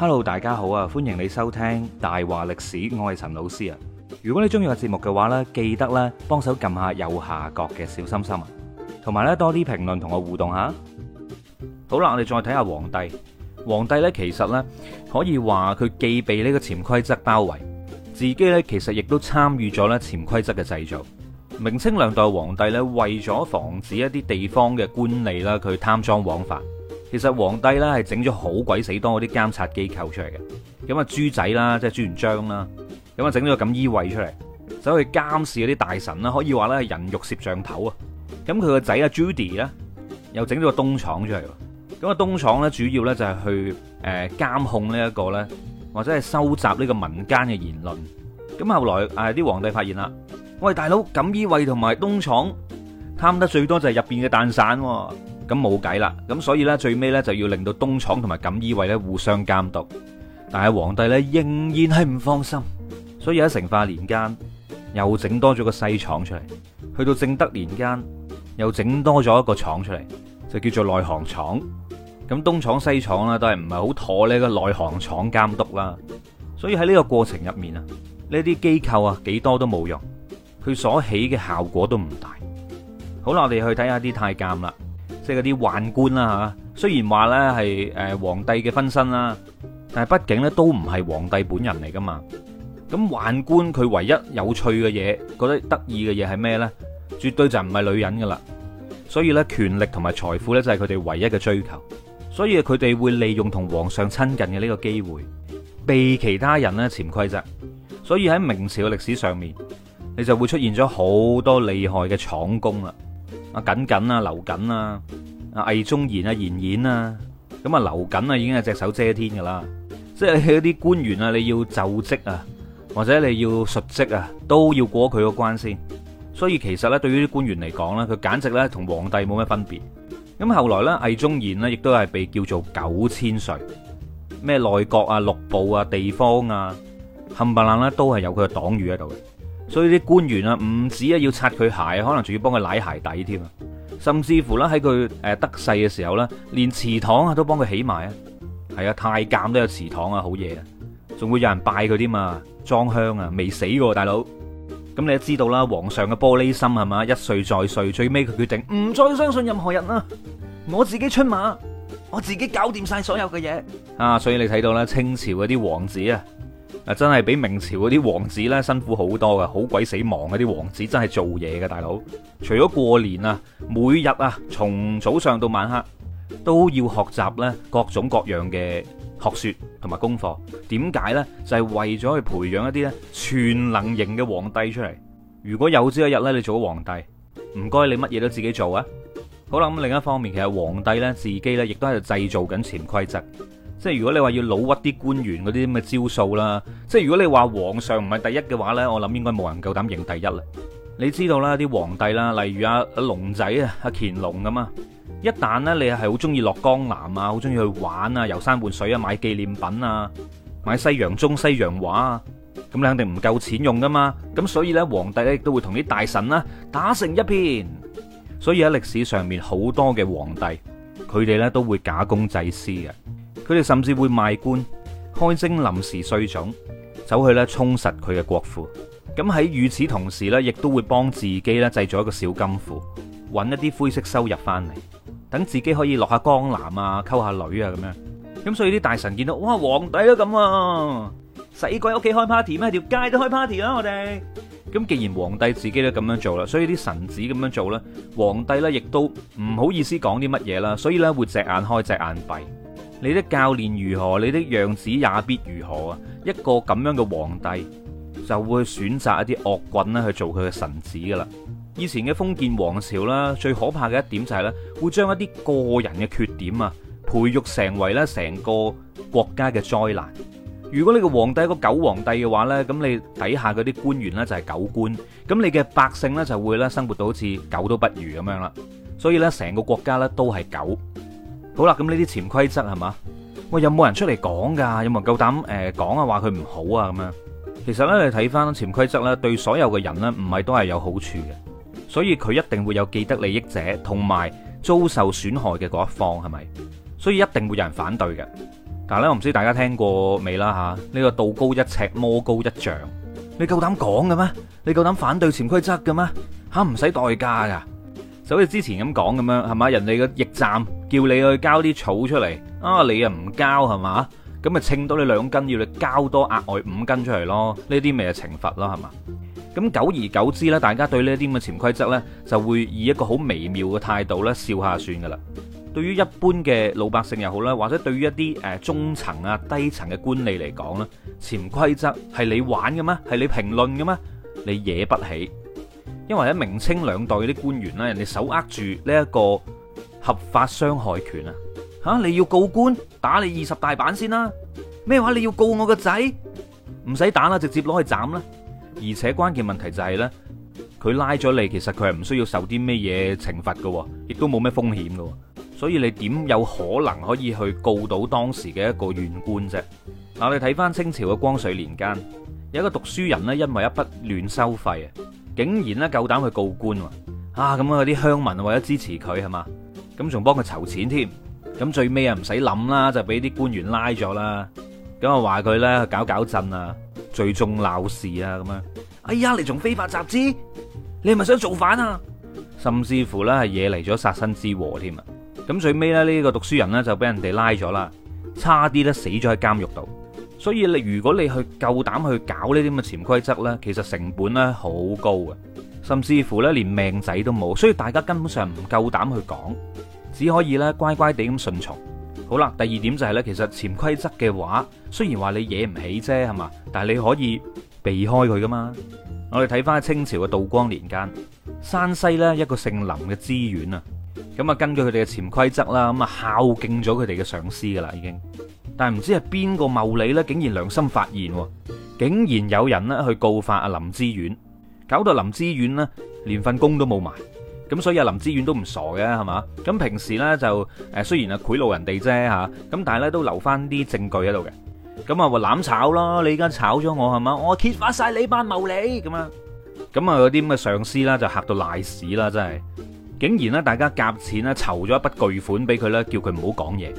Hello，大家好啊！歡迎你收聽大話歷史，我係陳老師啊！如果你中意我節目嘅話呢，記得咧幫手撳下右下角嘅小心心啊，同埋呢多啲評論同我互動下。好啦，我哋再睇下皇帝。皇帝呢，其實呢，可以話佢既被呢個潛規則包圍，自己呢，其實亦都參與咗咧潛規則嘅製造。明清兩代皇帝呢，為咗防止一啲地方嘅官吏啦，佢貪贓枉法。其實皇帝咧係整咗好鬼死多嗰啲監察機構出嚟嘅，咁啊豬仔啦，即係朱元璋啦，咁啊整咗個錦衣衛出嚟，走去監視嗰啲大臣啦，可以話咧係人肉攝像頭啊，咁佢個仔啊 Judy 咧又整咗個東廠出嚟，咁啊東廠咧主要咧就係去誒監控呢、這、一個咧，或者係收集呢個民間嘅言論，咁後來啲皇帝發現啦，喂大佬錦衣衛同埋東廠貪得最多就係入邊嘅蛋散。咁冇計啦，咁所以呢，最尾呢就要令到東廠同埋錦衣衛呢互相監督，但係皇帝呢，仍然係唔放心，所以喺成化年間又整多咗個西廠出嚟，去到正德年間又整多咗一個廠出嚟，就叫做內行廠。咁東廠西廠呢，都係唔係好妥呢個內行廠監督啦。所以喺呢個過程入面啊，呢啲機構啊幾多都冇用，佢所起嘅效果都唔大。好啦，我哋去睇下啲太監啦。即係嗰啲宦官啦吓，雖然話咧係誒皇帝嘅分身啦，但係畢竟咧都唔係皇帝本人嚟噶嘛。咁宦官佢唯一有趣嘅嘢，覺得得意嘅嘢係咩咧？絕對就唔係女人噶啦。所以咧，權力同埋財富咧就係佢哋唯一嘅追求。所以佢哋會利用同皇上親近嘅呢個機會，被其他人咧潛規則。所以喺明朝嘅歷史上面，你就會出現咗好多厲害嘅廠公啦，阿瑾瑾啊，劉瑾啊。魏忠賢啊，賢賢啊，咁啊，劉瑾啊，已經係隻手遮天噶啦。即係嗰啲官員啊，你要就職啊，或者你要述職啊，都要過佢個關先。所以其實咧，對於啲官員嚟講咧，佢簡直咧同皇帝冇咩分別。咁後來咧，魏忠賢呢，亦都係被叫做九千歲。咩內閣啊、六部啊、地方啊，冚唪唥咧都係有佢嘅黨羽喺度嘅。所以啲官員啊，唔止啊要擦佢鞋，可能仲要幫佢舐鞋底添啊。甚至乎啦，喺佢誒得勢嘅時候啦，連祠堂啊都幫佢起埋啊，係啊，太監都有祠堂啊，好嘢啊，仲會有人拜佢啲嘛，裝香啊，未死嘅大佬，咁你都知道啦，皇上嘅玻璃心係嘛，一碎再碎，最尾佢決定唔再相信任何人啦，我自己出馬，我自己搞掂晒所有嘅嘢啊，所以你睇到啦，清朝嗰啲王子啊。啊！真係比明朝嗰啲王子咧辛苦好多噶，好鬼死忙嗰啲王子真係做嘢嘅大佬，除咗過年啊，每日啊，從早上到晚黑都要學習咧各種各樣嘅學說同埋功課。點解呢？就係為咗去培養一啲咧全能型嘅皇帝出嚟。如果有朝一日咧，你做咗皇帝，唔該你乜嘢都自己做啊！好啦，咁另一方面，其實皇帝呢，自己呢亦都喺度製造緊潛規則。即係如果你話要老屈啲官員嗰啲咁嘅招數啦，即係如果你話皇上唔係第一嘅話呢，我諗應該冇人夠膽認第一啦。你知道啦，啲皇帝啦，例如阿阿龍仔啊、阿乾隆咁啊，一旦呢，你係好中意落江南啊，好中意去玩啊、遊山玩水啊、買紀念品啊、買西洋鐘、西洋畫啊，咁你肯定唔夠錢用噶嘛。咁所以呢，皇帝亦都會同啲大臣啦打成一片。所以喺歷史上面好多嘅皇帝，佢哋呢都會假公濟私嘅。佢哋甚至會賣官開徵臨時稅種，走去咧充實佢嘅國庫。咁喺與此同時咧，亦都會幫自己咧製造一個小金庫，搵一啲灰色收入翻嚟，等自己可以落下江南啊，溝下女啊咁樣。咁所以啲大臣見到哇，皇帝都咁啊，使鬼屋企開 party 咩？條街都開 party 啦，我哋咁、啊。既然皇帝自己都咁樣做啦，所以啲臣子咁樣做啦，皇帝咧亦都唔好意思講啲乜嘢啦，所以咧會隻眼開隻眼閉。你的教練如何，你的樣子也必如何啊！一個咁樣嘅皇帝就會選擇一啲惡棍咧去做佢嘅臣子噶啦。以前嘅封建王朝啦，最可怕嘅一點就係咧，會將一啲個人嘅缺點啊，培育成為咧成個國家嘅災難。如果你個皇帝係個狗皇帝嘅話呢，咁你底下嗰啲官員呢，就係狗官，咁你嘅百姓呢，就會咧生活到好似狗都不如咁樣啦。所以呢，成個國家呢，都係狗。好啦，咁呢啲潛規則係嘛？喂，有冇人出嚟講噶？有冇人夠膽誒講啊？話佢唔好啊？咁樣其實呢，你睇翻潛規則呢，對所有嘅人呢，唔係都係有好處嘅，所以佢一定會有既得利益者同埋遭受損害嘅嗰一方，係咪？所以一定會有人反對嘅。但係咧，我唔知大家聽過未啦吓？呢、啊這個道高一尺，魔高一丈，你夠膽講嘅咩？你夠膽反對潛規則嘅咩？吓唔使代價噶，就好似之前咁講咁樣，係嘛？人哋嘅驛站。叫你去交啲草出嚟啊！你又唔交係嘛？咁咪稱到你兩斤，要你交多額外五斤出嚟咯。呢啲咪係懲罰咯，係嘛？咁久而久之咧，大家對呢一啲咁嘅潛規則咧，就會以一個好微妙嘅態度咧笑下算噶啦。對於一般嘅老百姓又好啦，或者對於一啲誒中層啊、低層嘅官吏嚟講咧，潛規則係你玩嘅咩？係你評論嘅咩？你惹不起。因為喺明清兩代嗰啲官員咧，人哋手握住呢一個合法傷害權啊！吓、啊、你要告官，打你二十大板先啦、啊。咩話你要告我個仔？唔使打啦，直接攞去斬啦。而且關鍵問題就係、是、咧，佢拉咗你，其實佢係唔需要受啲咩嘢懲罰嘅，亦都冇咩風險嘅。所以你點有可能可以去告到當時嘅一個縣官啫？嗱，我哋睇翻清朝嘅光緒年間，有一個讀書人咧，因為一筆亂收費啊，竟然咧夠膽去告官啊！咁啊，啲鄉民為咗支持佢係嘛？咁仲幫佢籌錢添，咁最尾啊唔使諗啦，就俾啲官員拉咗啦，咁啊話佢咧搞搞震啊，聚眾鬧事啊咁樣，哎呀，你仲非法集資，你係咪想造反啊？甚至乎咧係惹嚟咗殺身之禍添啊！咁最尾咧呢個讀書人咧就俾人哋拉咗啦，差啲咧死咗喺監獄度，所以你如果你去夠膽去搞呢啲咁嘅潛規則咧，其實成本咧好高啊！甚至乎咧，連命仔都冇，所以大家根本上唔夠膽去講，只可以咧乖乖地咁順從。好啦，第二點就係咧，其實潛規則嘅話，雖然話你惹唔起啫，係嘛，但係你可以避開佢噶嘛。我哋睇翻清朝嘅道光年間，山西咧一個姓林嘅知縣啊，咁啊根據佢哋嘅潛規則啦，咁啊孝敬咗佢哋嘅上司噶啦已經，但係唔知係邊個謀利咧，竟然良心發現，竟然有人咧去告發阿林知縣。搞到林志遠咧，連份工都冇埋，咁所以阿林志遠都唔傻嘅，係嘛？咁平時咧就誒，雖然係賄賂人哋啫吓，咁但係咧都留翻啲證據喺度嘅。咁啊話攬炒啦，你而家炒咗我係嘛？我揭發晒你班茂利，咁啊！咁啊嗰啲咁嘅上司啦，就吓到賴屎啦，真係！竟然咧大家夾錢咧，籌咗一筆巨款俾佢咧，叫佢唔好講嘢，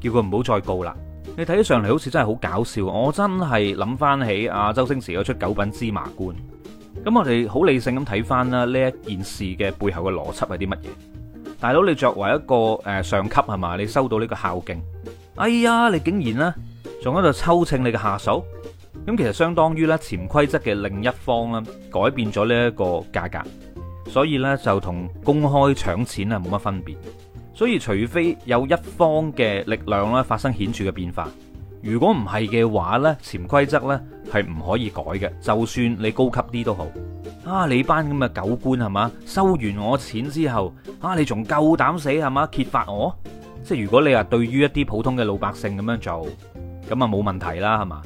叫佢唔好再告啦。你睇起上嚟好似真係好搞笑，我真係諗翻起阿周星馳嗰出《九品芝麻官》。咁我哋好理性咁睇翻啦，呢一件事嘅背後嘅邏輯係啲乜嘢？大佬，你作為一個誒上級係嘛？你收到呢個孝敬，哎呀，你竟然呢？仲喺度抽清你嘅下手，咁其實相當於呢潛規則嘅另一方改變咗呢一個價格，所以呢，就同公開搶錢係冇乜分別，所以除非有一方嘅力量咧發生顯著嘅變化。如果唔係嘅話咧，潛規則咧係唔可以改嘅。就算你高級啲都好啊，你班咁嘅狗官係嘛，收完我錢之後啊，你仲夠膽死係嘛，揭發我？即係如果你話對於一啲普通嘅老百姓咁樣做，咁啊冇問題啦，係嘛？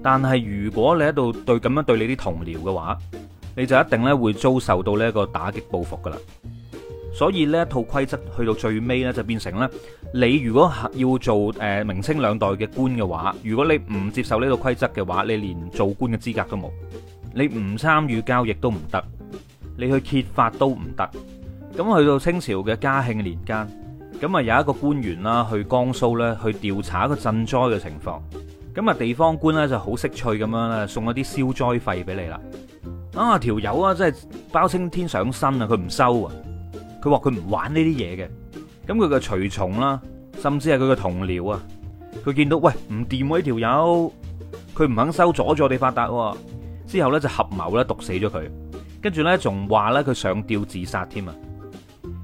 但係如果你喺度對咁樣對你啲同僚嘅話，你就一定咧會遭受到呢個打擊報復噶啦。所以呢一套規則去到最尾呢，就變成呢：你如果要做誒明清兩代嘅官嘅話，如果你唔接受呢套規則嘅話，你連做官嘅資格都冇，你唔參與交易都唔得，你去揭發都唔得。咁去到清朝嘅嘉慶年間，咁啊有一個官員啦，去江蘇咧去調查一個賑災嘅情況，咁啊地方官呢就好識趣咁樣咧送咗啲消災費俾你啦。啊條友啊，這個、真係包青天上身啊，佢唔收啊！佢話佢唔玩呢啲嘢嘅，咁佢嘅隨從啦，甚至係佢嘅同僚啊，佢見到喂唔掂呢條友，佢唔肯收阻咗你發達啊，之後咧就合謀咧毒死咗佢，跟住咧仲話咧佢上吊自殺添啊，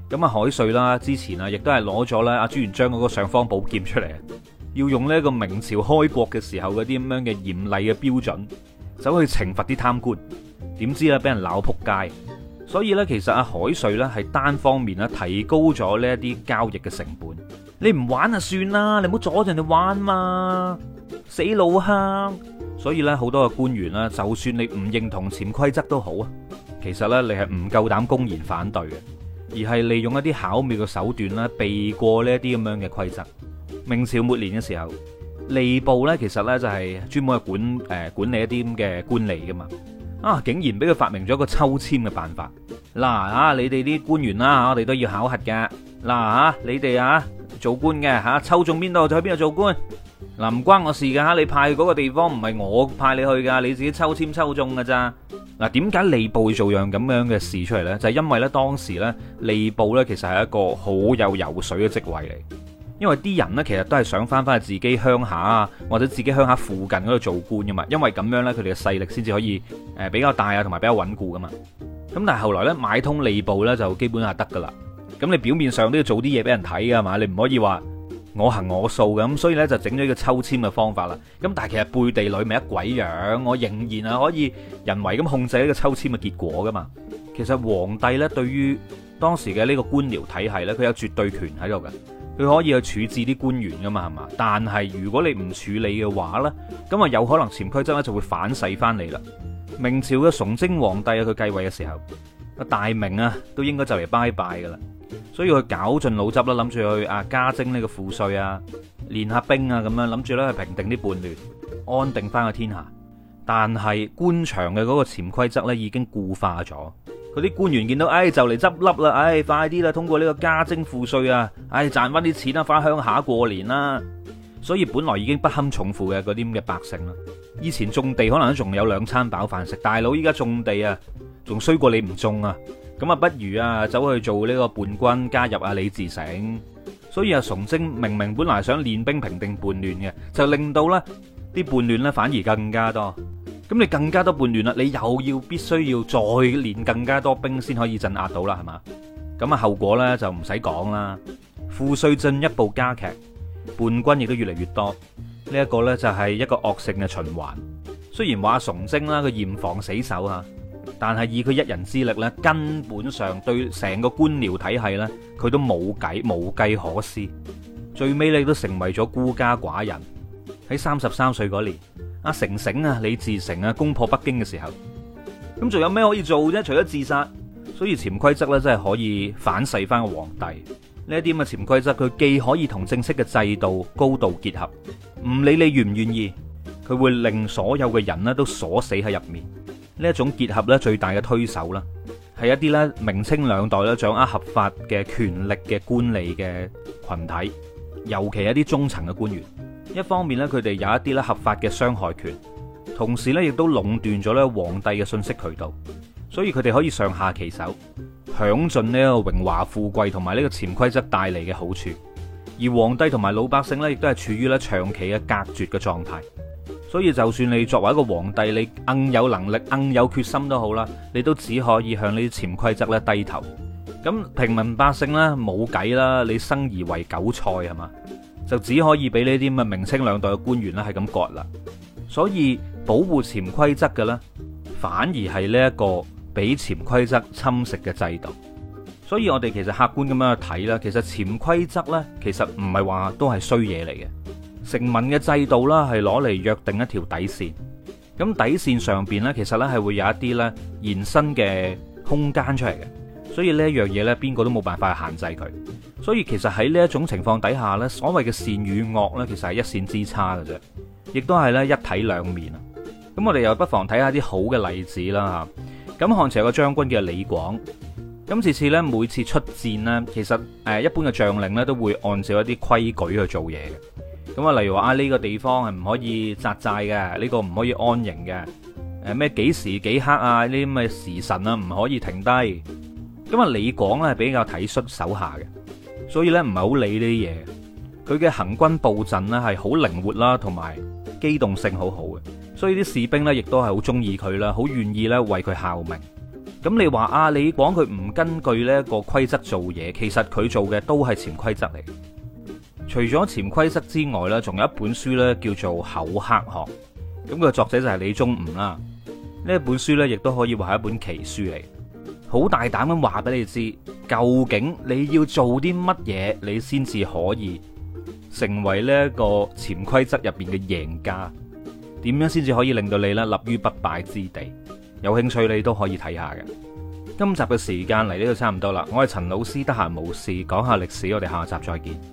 咁啊海瑞啦之前啊亦都係攞咗咧阿朱元璋嗰個尚方寶劍出嚟，啊，要用呢個明朝開國嘅時候嗰啲咁樣嘅嚴厲嘅標準，走去懲罰啲貪官，點知咧俾人鬧撲街。所以咧，其實啊，海瑞咧係單方面咧提高咗呢一啲交易嘅成本你不。你唔玩啊，算啦，你唔好阻住你玩嘛，死老坑！所以咧，好多嘅官員啦，就算你唔認同潛規則都好啊，其實咧，你係唔夠膽公然反對嘅，而係利用一啲巧妙嘅手段咧避過呢一啲咁樣嘅規則。明朝末年嘅時候，吏部咧其實咧就係專門係管誒、呃、管理一啲咁嘅官吏噶嘛。啊！竟然俾佢發明咗個抽籤嘅辦法。嗱啊，你哋啲官員啦、啊，我哋都要考核㗎。嗱啊，你哋啊做官嘅嚇、啊、抽中邊度就去邊度做官。嗱、啊、唔關我事噶，你派嗰個地方唔係我派你去噶，你自己抽籤抽中噶咋。嗱，點解吏部要做樣咁樣嘅事出嚟呢？就係、是、因為呢，當時呢，吏部呢其實係一個好有油水嘅職位嚟。因為啲人呢，其實都係想翻翻去自己鄉下啊，或者自己鄉下附近嗰度做官噶嘛。因為咁樣呢，佢哋嘅勢力先至可以誒比較大啊，同埋比較穩固噶嘛。咁但係後來呢，買通吏部呢，就基本係得噶啦。咁你表面上都要做啲嘢俾人睇噶嘛，你唔可以話我行我素咁。所以呢，就整咗一個抽籤嘅方法啦。咁但其實背地裏咪一鬼樣，我仍然係可以人為咁控制一個抽籤嘅結果噶嘛。其實皇帝呢，對於，當時嘅呢個官僚體系呢，佢有絕對權喺度噶，佢可以去處置啲官員噶嘛，係嘛？但係如果你唔處理嘅話呢，咁啊有可能潛規則咧就會反噬翻你啦。明朝嘅崇禎皇帝佢繼位嘅時候，大明啊都應該就嚟拜拜噶啦，所以佢搞盡腦汁啦，諗住去啊加徵呢個賦稅啊，練下兵啊咁樣，諗住咧去平定啲叛亂，安定翻個天下。但係官場嘅嗰個潛規則咧已經固化咗。嗰啲官員見到，哎就嚟執笠啦，哎快啲啦，通過呢個加徵賦稅啊，哎賺翻啲錢啦、啊，翻鄉下過年啦、啊。所以本來已經不堪重負嘅嗰啲咁嘅百姓啦，以前種地可能仲有兩餐飽飯食，大佬依家種地啊，仲衰過你唔種啊。咁啊，不如啊走去做呢個叛軍，加入阿、啊、李自成。所以啊，崇禎明明本來想練兵平定叛亂嘅，就令到呢啲叛亂呢，反而更加多。咁你更加多叛亂啦，你又要必須要再練更加多兵先可以鎮壓到啦，係嘛？咁啊後果呢就唔使講啦，賦稅進一步加劇，叛軍亦都越嚟越多。呢一個呢就係一個惡性嘅循環。雖然話崇禎啦，佢嚴防死守吓，但係以佢一人之力呢，根本上對成個官僚體系呢，佢都冇計冇計可施。最尾你都成為咗孤家寡人喺三十三歲嗰年，阿、啊、成成啊，李自成啊，攻破北京嘅時候，咁仲有咩可以做啫？除咗自殺，所以潛規則咧，真係可以反噬翻個皇帝。呢一啲嘅潛規則，佢既可以同正式嘅制度高度結合，唔理你願唔願意，佢會令所有嘅人咧都鎖死喺入面。呢一種結合咧，最大嘅推手啦，係一啲咧明清兩代咧掌握合法嘅權力嘅官吏嘅群體，尤其一啲中層嘅官員。一方面咧，佢哋有一啲咧合法嘅傷害權，同時咧亦都壟斷咗咧皇帝嘅信息渠道，所以佢哋可以上下其手，享盡呢個榮華富貴同埋呢個潛規則帶嚟嘅好處。而皇帝同埋老百姓咧，亦都係處於咧長期嘅隔絕嘅狀態。所以就算你作為一個皇帝，你硬有能力、硬有決心都好啦，你都只可以向呢啲潛規則咧低頭。咁平民百姓咧冇計啦，你生而為韭菜係嘛？就只可以俾呢啲咁嘅明清兩代嘅官員咧係咁割啦，所以保護潛規則嘅咧，反而係呢一個俾潛規則侵蝕嘅制度。所以我哋其實客觀咁樣去睇啦，其實潛規則咧，其實唔係話都係衰嘢嚟嘅。成文嘅制度啦，係攞嚟約定一條底線。咁底線上邊咧，其實咧係會有一啲咧延伸嘅空間出嚟嘅。所以呢一樣嘢咧，邊個都冇辦法去限制佢。所以其實喺呢一種情況底下呢所謂嘅善與惡呢其實係一線之差嘅啫，亦都係咧一體兩面啊！咁我哋又不妨睇下啲好嘅例子啦嚇。咁漢朝有一個將軍叫李廣，咁次次咧每次出戰呢其實誒一般嘅將領咧都會按照一啲規矩去做嘢嘅。咁啊，例如話啊呢個地方係唔可以紮寨嘅，呢、這個唔可以安營嘅，誒咩幾時幾刻啊呢啲咁嘅時辰啊唔可以停低。咁啊，李廣呢，係比較體恤手下嘅。所以咧唔係好理呢啲嘢，佢嘅行軍佈陣呢係好靈活啦，同埋機動性好好嘅，所以啲士兵呢，亦都係好中意佢啦，好願意咧為佢效命。咁你話阿里講佢唔根據呢一個規則做嘢，其實佢做嘅都係潛規則嚟。除咗潛規則之外呢，仲有一本書呢叫做《厚黑學》，咁個作者就係李宗吾啦。呢本書呢，亦都可以話係一本奇書嚟。好大膽咁話俾你知，究竟你要做啲乜嘢，你先至可以成為呢一個潛規則入邊嘅贏家？點樣先至可以令到你立於不敗之地？有興趣你都可以睇下嘅。今集嘅時間嚟呢度差唔多啦，我係陳老師，得閒無事講下歷史，我哋下集再見。